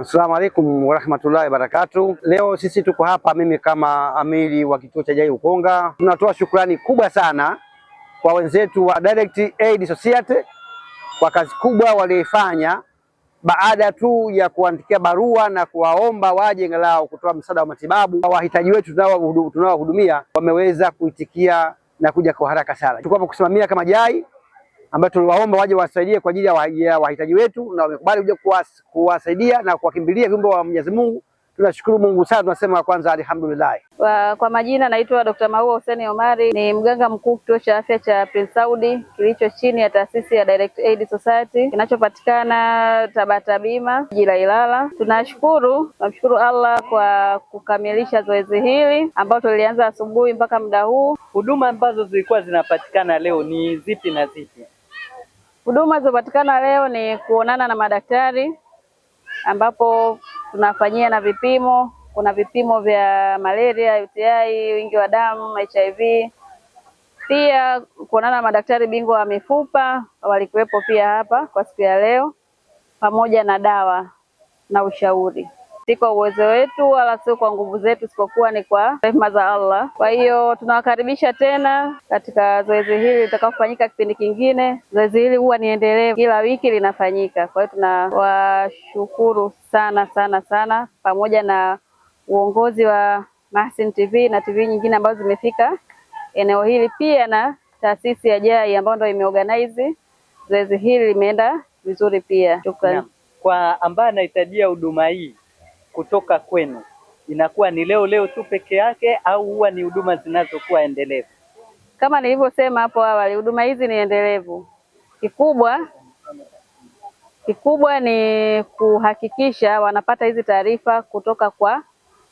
asalamu alaikum warahmatullahi wabarakatu. Leo sisi tuko hapa, mimi kama amiri wa kituo cha JAI Ukonga, tunatoa shukrani kubwa sana kwa wenzetu wa Direct Aid Society kwa kazi kubwa walioifanya baada tu ya kuandikia barua na kuwaomba waje angalau kutoa msaada wa matibabu kwa wahitaji wetu tunaowahudumia, wameweza kuitikia na kuja kwa haraka sana. Tuko hapa kusimamia kama JAI ambayo tuliwaomba waje wasaidie kwa ajili ya wahitaji wetu, na wamekubali kuja kuwasaidia na kuwakimbilia viumbe wa Mwenyezi Mungu. Tunashukuru Mungu sana, tunasema kwanza alhamdulillah. Kwa majina naitwa Dr. Maua Hussein Omari, ni mganga mkuu kituo cha afya cha Prince Saudi kilicho chini ya taasisi ya Direct Aid Society kinachopatikana Tabata Bima, jila la Ilala. Tunashukuru, tunamshukuru Allah kwa kukamilisha zoezi hili ambalo tulianza asubuhi mpaka muda huu. Huduma ambazo zilikuwa zinapatikana leo ni zipi na zipi? Huduma zinazopatikana leo ni kuonana na madaktari ambapo tunafanyia na vipimo. Kuna vipimo vya malaria, UTI, wingi wa damu, HIV. Pia kuonana na madaktari bingwa wa mifupa walikuwepo pia hapa kwa siku ya leo, pamoja na dawa na ushauri si kwa uwezo wetu wala sio kwa nguvu zetu, isipokuwa ni kwa rehema za Allah. Kwa hiyo tunawakaribisha tena katika zoezi hili litakaofanyika kipindi kingine. Zoezi hili huwa ni kila wiki linafanyika. Kwa hiyo tunawashukuru sana sana sana, pamoja na uongozi wa Mahsin TV na TV nyingine ambazo zimefika eneo hili, pia na taasisi ya JAI ambayo ndio imeorganize zoezi hili, limeenda vizuri pia. Shukrani kwa ambaye anahitajia huduma hii kutoka kwenu inakuwa ni leo leo tu peke yake au huwa ni huduma zinazokuwa endelevu? Kama nilivyosema hapo awali, huduma hizi ni endelevu. Kikubwa kikubwa ni kuhakikisha wanapata hizi taarifa kutoka kwa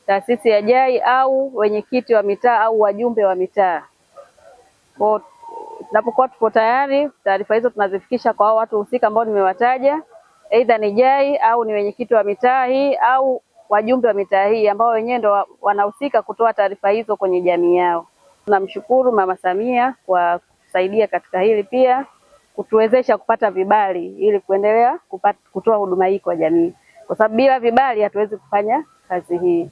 taasisi ya JAI au wenyekiti wa mitaa au wajumbe wa mitaa. Kwa tunapokuwa tuko tayari, taarifa hizo tunazifikisha kwa hao watu husika ambao nimewataja, aidha ni JAI au ni wenyekiti wa mitaa hii au wajumbe wa mitaa hii ambao wenyewe ndo wanahusika kutoa taarifa hizo kwenye jamii yao. Tunamshukuru Mama Samia kwa kusaidia katika hili, pia kutuwezesha kupata vibali ili kuendelea kupata, kutoa huduma hii kwa jamii, kwa sababu bila vibali hatuwezi kufanya kazi hii.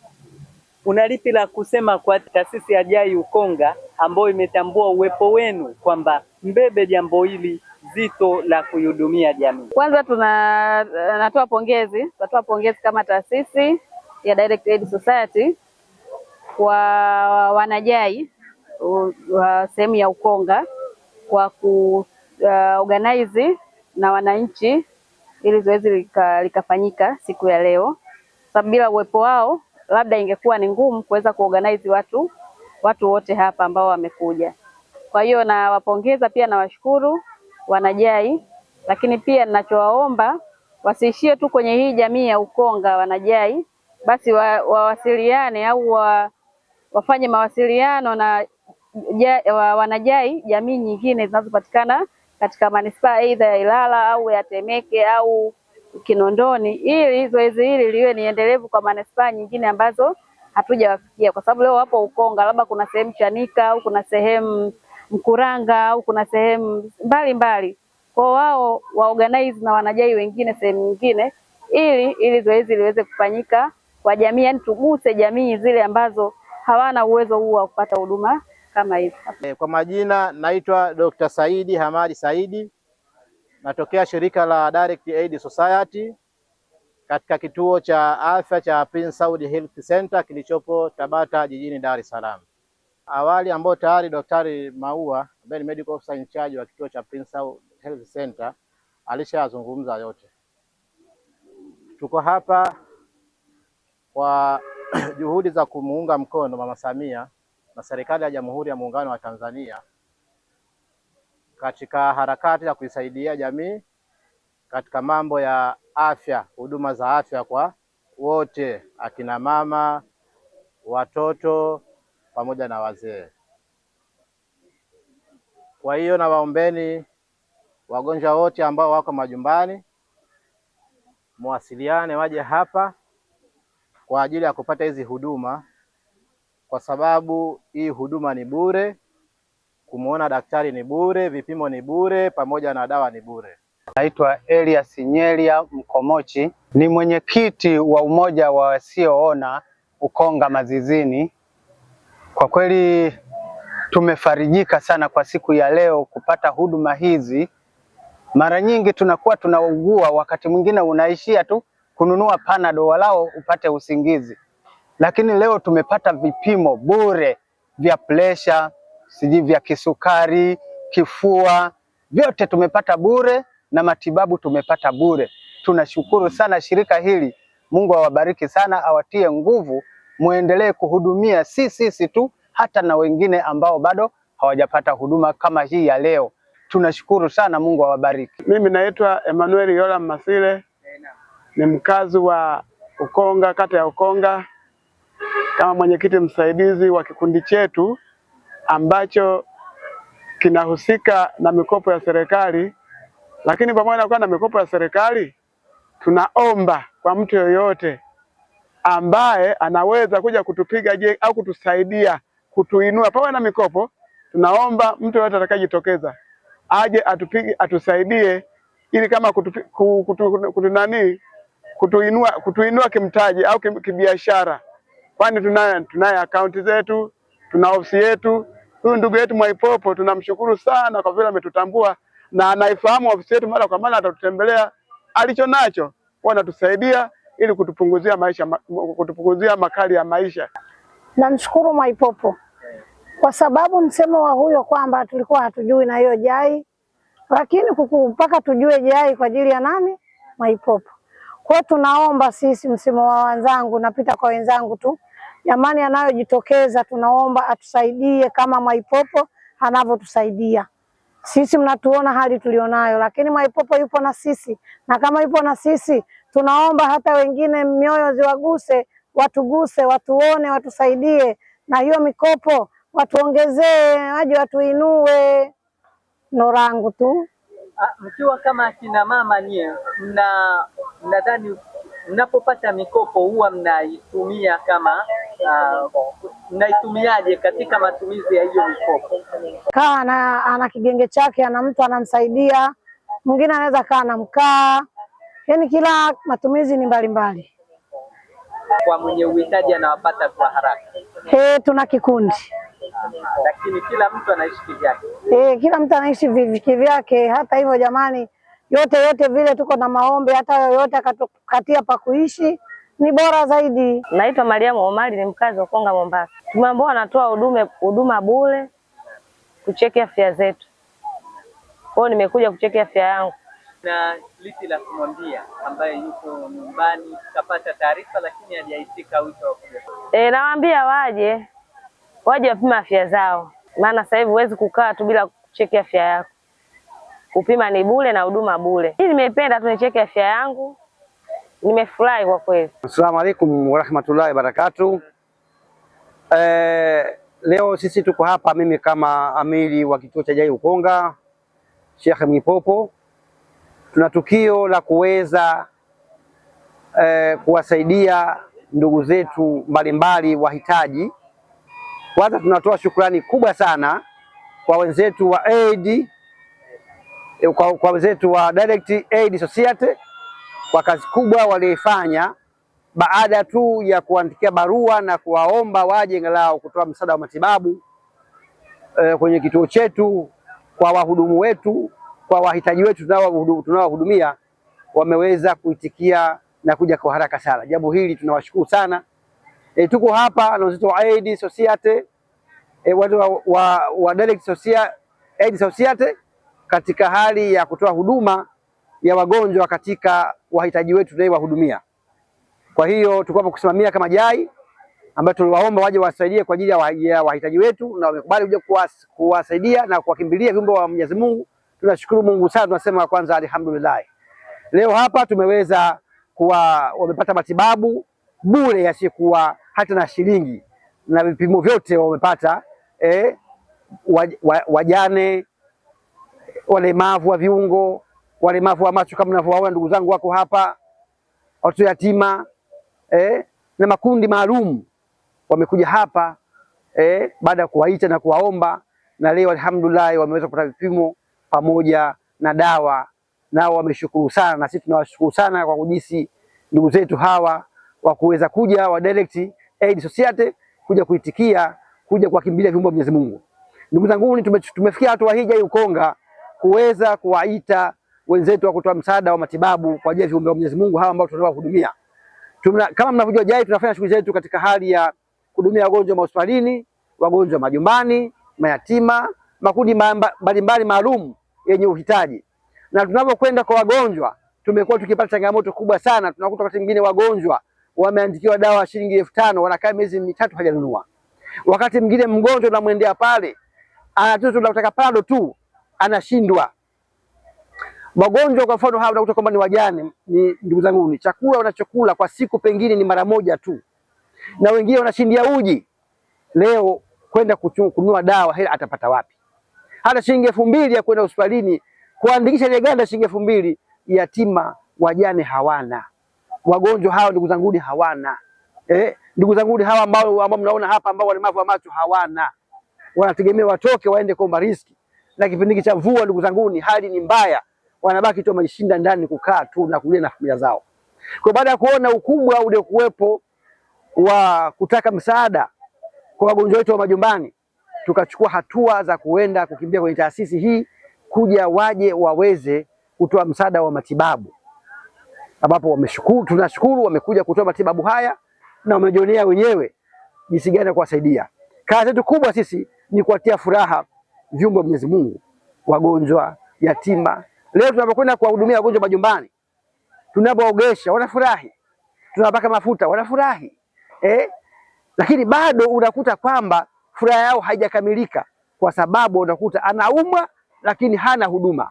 Una lipi la kusema kwa taasisi ya JAI Ukonga ambayo imetambua uwepo wenu kwamba mbebe jambo hili zito la kuihudumia jamii? Kwanza tuna natoa pongezi, tunatoa pongezi kama taasisi ya Direct Aid Society kwa wanajai wa sehemu ya Ukonga kwa ku uh, organize na wananchi ili zoezi lika, likafanyika siku ya leo, sababu bila uwepo wao labda ingekuwa ni ngumu kuweza kuorganize watu watu wote hapa ambao wamekuja. Kwa hiyo nawapongeza pia nawashukuru wanajai, lakini pia ninachowaomba wasiishie tu kwenye hii jamii ya Ukonga wanajai basi wawasiliane wa au wa, wafanye mawasiliano na ja, wa, wanajai jamii nyingine zinazopatikana katika manispaa aidha ya Ilala au ya Temeke au Kinondoni, ili zoezi hili liwe ni endelevu kwa manispaa nyingine ambazo hatujawafikia, kwa sababu leo wapo Ukonga, labda kuna sehemu Chanika au kuna sehemu Mkuranga au kuna sehemu mbalimbali, kwa wao waorganize na wanajai wengine sehemu nyingine, ili ili zoezi liweze kufanyika kwa jamii, yani tuguse jamii zile ambazo hawana uwezo huo wa kupata huduma kama hizi. Eh, kwa majina naitwa Dr. Saidi Hamadi Saidi, natokea shirika la Direct Aid Society katika kituo cha afya cha Prince Saudi Health Center kilichopo Tabata jijini Dar es Salaam. Awali ambao tayari Daktari Maua ambaye ni medical officer in charge wa kituo cha Prince Saudi Health Center alishayazungumza yote. Tuko hapa kwa juhudi za kumuunga mkono Mama Samia na serikali ya Jamhuri ya Muungano wa Tanzania katika harakati ya kuisaidia jamii katika mambo ya afya, huduma za afya kwa wote, akina mama, watoto pamoja na wazee. Kwa hiyo nawaombeni wagonjwa wote ambao wako majumbani, mwasiliane waje hapa kwa ajili ya kupata hizi huduma, kwa sababu hii huduma ni bure, kumuona daktari ni bure, vipimo ni bure, pamoja na dawa ni bure. Naitwa Elias Nyelia Mkomochi, ni mwenyekiti wa umoja wa wasioona Ukonga Mazizini. Kwa kweli tumefarijika sana kwa siku ya leo kupata huduma hizi. Mara nyingi tunakuwa tunaugua, wakati mwingine unaishia tu kununua panado walao upate usingizi. Lakini leo tumepata vipimo bure vya presha, sijui vya kisukari, kifua, vyote tumepata bure na matibabu tumepata bure. Tunashukuru sana shirika hili. Mungu awabariki sana, awatie nguvu, muendelee kuhudumia si sisi tu, hata na wengine ambao bado hawajapata huduma kama hii ya leo. Tunashukuru sana, Mungu awabariki. Mimi naitwa Emmanuel Yola Masile ni mkazi wa Ukonga, kata ya Ukonga, kama mwenyekiti msaidizi wa kikundi chetu ambacho kinahusika na mikopo ya serikali. Lakini pamoja na kuwa na mikopo ya serikali, tunaomba kwa mtu yoyote ambaye anaweza kuja kutupiga je au kutusaidia kutuinua pamoja na mikopo, tunaomba mtu yoyote atakayejitokeza aje atupige, atusaidie ili kama kutu, kutu, kutu, kutu, kutu kutu, kutuinua, kutuinua kimtaji au kibiashara, kwani tunaye tunaye akaunti zetu, tuna ofisi yetu. Huyu ndugu yetu Mwaipopo tunamshukuru sana kwa vile ametutambua na anaifahamu ofisi yetu, mara kwa mara atatutembelea, alicho nacho huwa anatusaidia ili kutupunguzia maisha, kutupunguzia makali ya maisha. Namshukuru Mwaipopo kwa sababu msemo wa huyo kwamba tulikuwa hatujui na hiyo jai, lakini mpaka tujue jai kwa ajili ya nani? Mwaipopo. Kwa tunaomba sisi, msimu wa wenzangu, napita kwa wenzangu tu, jamani, anayojitokeza tunaomba atusaidie kama Mwaipopo anavyotusaidia sisi. Mnatuona hali tulionayo, lakini Mwaipopo yupo na sisi, na kama yupo na sisi, tunaomba hata wengine mioyo ziwaguse, watuguse, watuone, watusaidie na hiyo mikopo watuongezee, waje watuinue. Norangu tu ah, mkiwa kama akina mama nyie mna nadhani mnapopata mikopo huwa mnaitumia kama uh, mnaitumiaje katika matumizi ya hiyo mikopo? Kaa ana, ana kigenge chake, ana mtu anamsaidia, mwingine anaweza kaa anamkaa, yaani kila matumizi ni mbalimbali. Kwa mwenye uhitaji anawapata kwa haraka. Hey, tuna kikundi lakini kila mtu anaishi kivyake. Eh, kila mtu anaishi kivyake. Hata hivyo jamani yote yote vile tuko na maombi, hata yoyote akatukatia pa kuishi ni bora zaidi. Naitwa Mariamu Omari, ni mkazi wa Konga Mombasa. Tumeambiwa wanatoa huduma huduma bure kucheki afya zetu, kwayo nimekuja kucheki afya yangu. Na lipi la kumwambia ambaye yuko nyumbani kapata taarifa lakini hajaitika wito wa kuja? E, nawaambia waje waje wapima afya zao, maana sasa hivi huwezi kukaa tu bila kucheki afya yako. Kupima ni bure na huduma bure. Hii nimependa tu nicheke afya yangu, nimefurahi kwa kweli. Asalamu alaykum warahmatullahi wabarakatu Eh, leo sisi tuko hapa, mimi kama amiri wa kituo cha JAI Ukonga Sheikh Mwipopo, tuna tukio la kuweza eh, kuwasaidia ndugu zetu mbalimbali wahitaji. Kwanza tunatoa shukrani kubwa sana kwa wenzetu wa aid Eh, kwa, kwa wenzetu wa Direct Aid Society kwa kazi kubwa walioifanya baada tu ya kuandikia barua na kuwaomba waje angalau kutoa msaada wa matibabu e, kwenye kituo chetu kwa wahudumu wetu kwa wahitaji wetu tunaowahudumia wameweza kuitikia na kuja kwa haraka sana. Jambo hili tunawashukuru sana. E, tuko hapa na wenzetu wa Aid Society e, watu wa, wa, wa Direct Aid Society katika hali ya kutoa huduma ya wagonjwa katika wahitaji wetu tunayewahudumia. Kwa hiyo hapo kusimamia kama JAI ambayo tuliwaomba waje wasaidie kwa ajili ya wahitaji wetu na wamekubali kuja kuwasaidia na kuwakimbilia viumbe wa Mwenyezi Mungu. Tunashukuru Mungu sana, tunasema kwanza alhamdulillah. Leo hapa tumeweza kuwa wamepata matibabu bure yasiyokuwa hata na shilingi na vipimo vyote wamepata eh, wajane walemavu wa viungo, walemavu wa macho kama mnavyowaona ndugu zangu wako hapa, watoto yatima eh, na makundi maalum wamekuja hapa eh, baada ya kuwaita na kuwaomba, na leo alhamdulillah wameweza kupata vipimo pamoja na dawa, nao wameshukuru sana, na sisi tunawashukuru sana kwa kujisi ndugu zetu hawa wa kuweza kuja wa Direct Aid Society kuja kuitikia kuja kuwakimbilia viumbe wa Mwenyezi Mungu. Ndugu zangu, tumefikia hatua hii Ukonga kuweza kuwaita wenzetu wa kutoa msaada wa matibabu kwa ajili ya viumbe wa Mwenyezi Mungu hawa ambao tunataka kuhudumia. Kama mnavyojua JAI tunafanya shughuli zetu katika hali ya kuhudumia wagonjwa mahospitalini, wagonjwa majumbani, mayatima, makundi mbalimbali maalum yenye uhitaji. Na tunapokwenda kwa wagonjwa, tumekuwa tukipata changamoto kubwa sana. Tunakuta wakati mwingine wagonjwa wameandikiwa dawa shilingi elfu tano wanakaa miezi mitatu hajanunua. Wakati mwingine mgonjwa namwendea pale anatuzo la kutaka pado tu anashindwa. Magonjwa kwa mfano hapa unakuta kwamba ni wajane, ni ndugu zangu, ni chakula wanachokula kwa siku pengine ni mara moja tu, na wengine wanashindia uji leo kwenda kununua dawa, hela atapata wapi? Hata shilingi elfu mbili ya kwenda hospitalini kuandikisha ile ganda, shilingi elfu mbili yatima, wajane hawana, wagonjwa hawa ndugu zangu ni hawana eh, ndugu zangu hawa ambao ambao mnaona hapa ambao walemavu wa macho hawana, wanategemea watoke waende kuomba riziki na kipindi hiki cha mvua, ndugu ni hali ni mbaya, wanabaki tu wameshinda ndani kukaa tu na kulia na familia zao. Kwa baada ya kuona ukubwa uliokuwepo wa kutaka msaada kwa wagonjwa wetu wa majumbani, tukachukua hatua za kuenda kukimbia kwenye taasisi hii kuja waje waweze kutoa msaada wa matibabu, ambapo wameshukuru, tunashukuru wamekuja kutoa matibabu haya na wamejionea wenyewe jinsi gani ya kuwasaidia. Kazi yetu kubwa sisi ni kuwatia furaha viumbe wa Mwenyezi Mungu, wagonjwa, yatima. Leo tunapokwenda kuwahudumia wagonjwa majumbani, tunapoogesha wanafurahi, tunapaka mafuta wanafurahi eh? Lakini bado unakuta kwamba furaha yao haijakamilika, kwa sababu unakuta anaumwa lakini hana huduma,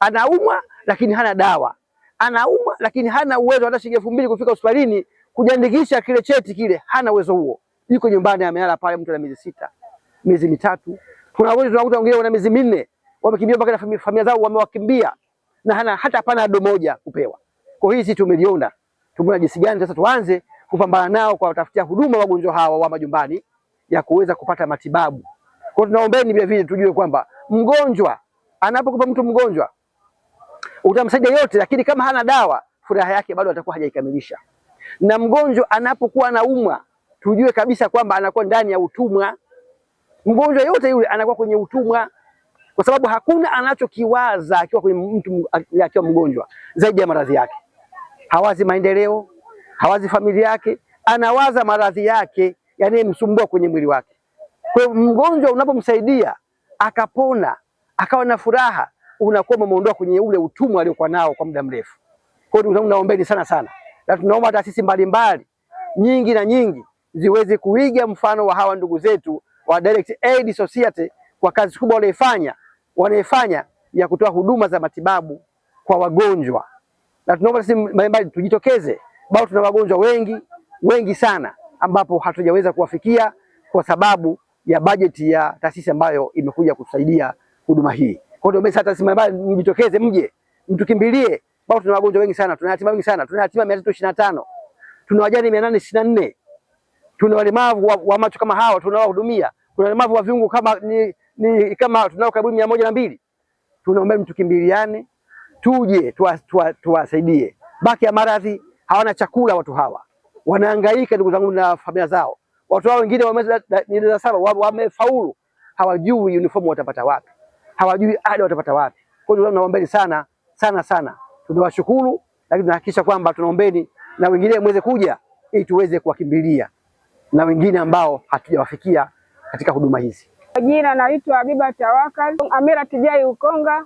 anaumwa lakini hana dawa, anaumwa lakini hana uwezo hata shilingi elfu mbili kufika hospitalini kujiandikisha kile cheti kile, hana uwezo huo, yuko nyumbani amelala pale, mtu ana miezi sita, miezi mitatu kuna wagonjwa tunakuta wengine wana miezi minne wamekimbia mpaka na familia zao wamewakimbia na hana, hata hapana ado moja kupewa. Kwa hiyo sisi tumeliona, tumeona jinsi gani sasa tuanze kupambana nao kwa kutafutia huduma wagonjwa hawa wa majumbani ya kuweza kupata matibabu. Kwa hiyo tunaombeni vile vile tujue kwamba mgonjwa anapokupa mtu mgonjwa utamsaidia yote, lakini kama hana dawa furaha yake bado atakuwa hajaikamilisha. Na mgonjwa anapokuwa anaumwa, tujue kabisa kwamba anakuwa ndani ya utumwa Mgonjwa yote yule anakuwa kwenye utumwa, kwa sababu hakuna anachokiwaza akiwa kwenye mtu akiwa mgonjwa zaidi ya maradhi yake. Hawazi maendeleo, hawazi familia yake, anawaza maradhi yake yanayemsumbua kwenye mwili wake. Kwa hiyo mgonjwa unapomsaidia akapona akawa na furaha, unakuwa umeondoa kwenye ule utumwa aliokuwa nao kwa muda mrefu. Kwa hiyo tunaombeni sana sana, na tunaomba taasisi mbalimbali nyingi na nyingi ziweze kuiga mfano wa hawa ndugu zetu wa Direct Aid Society kwa kazi kubwa wanaifanya wanaifanya ya kutoa huduma za matibabu kwa wagonjwa, na tunaomba sisi mbalimbali tujitokeze, bado tuna wagonjwa wengi wengi sana ambapo hatujaweza kuwafikia kwa sababu ya bajeti ya taasisi ambayo imekuja kutusaidia huduma hii. Kwa hiyo sasa taasisi mbalimbali mjitokeze, mje mtukimbilie, bado tuna wagonjwa wengi sana, tuna yatima wengi sana, tuna yatima 325 tuna wajane 864 tuna walemavu wa, wa macho kama hawa tunawahudumia. Kuna ulemavu wa viungo kama ni, ni kama tunao karibu mia moja na mbili. Tunaomba mtukimbiliane, tuje tuwasaidie. Tuwa, baki ya maradhi, hawana chakula watu hawa. Wanahangaika ndugu zangu na familia zao. Watu hao wengine wa wameza saba wamefaulu, hawajui uniform watapata wapi. Hawajui ada watapata wapi. Kwa hiyo tunaombeni sana sana sana. Tunawashukuru lakini tunahakikisha kwamba tunaombeni na wengine mweze kuja ili tuweze kuwakimbilia na wengine ambao hatujawafikia katika huduma hizi. Kwa jina naitwa Habiba Tawakal Amira Tijai Ukonga.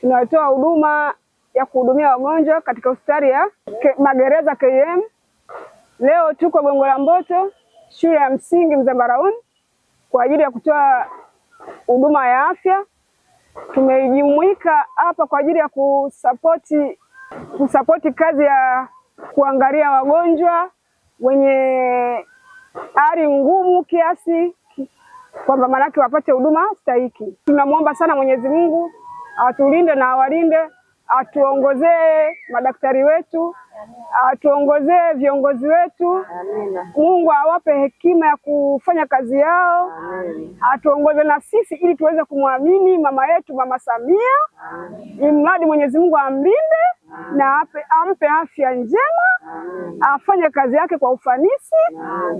Tunatoa huduma ya kuhudumia wagonjwa katika hospitali ya Magereza KM. Leo tuko Gongo la Mboto, shule ya msingi Mzambarauni, kwa ajili ya kutoa huduma ya afya. Tumejumuika hapa kwa ajili ya kusapoti kusapoti kazi ya kuangalia wagonjwa wenye hali ngumu kiasi kwamba maanake wapate huduma stahiki. Tunamwomba sana Mwenyezi Mungu atulinde na awalinde, atuongozee madaktari wetu, atuongozee viongozi wetu. Amina. Mungu awape hekima ya kufanya kazi yao. Atuongoze na sisi ili tuweze kumwamini mama yetu Mama Samia, ili mradi Mwenyezi Mungu amlinde na ape, ampe afya njema, afanye kazi yake kwa ufanisi,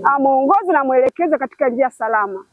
amuongoze na mwelekeze katika njia salama.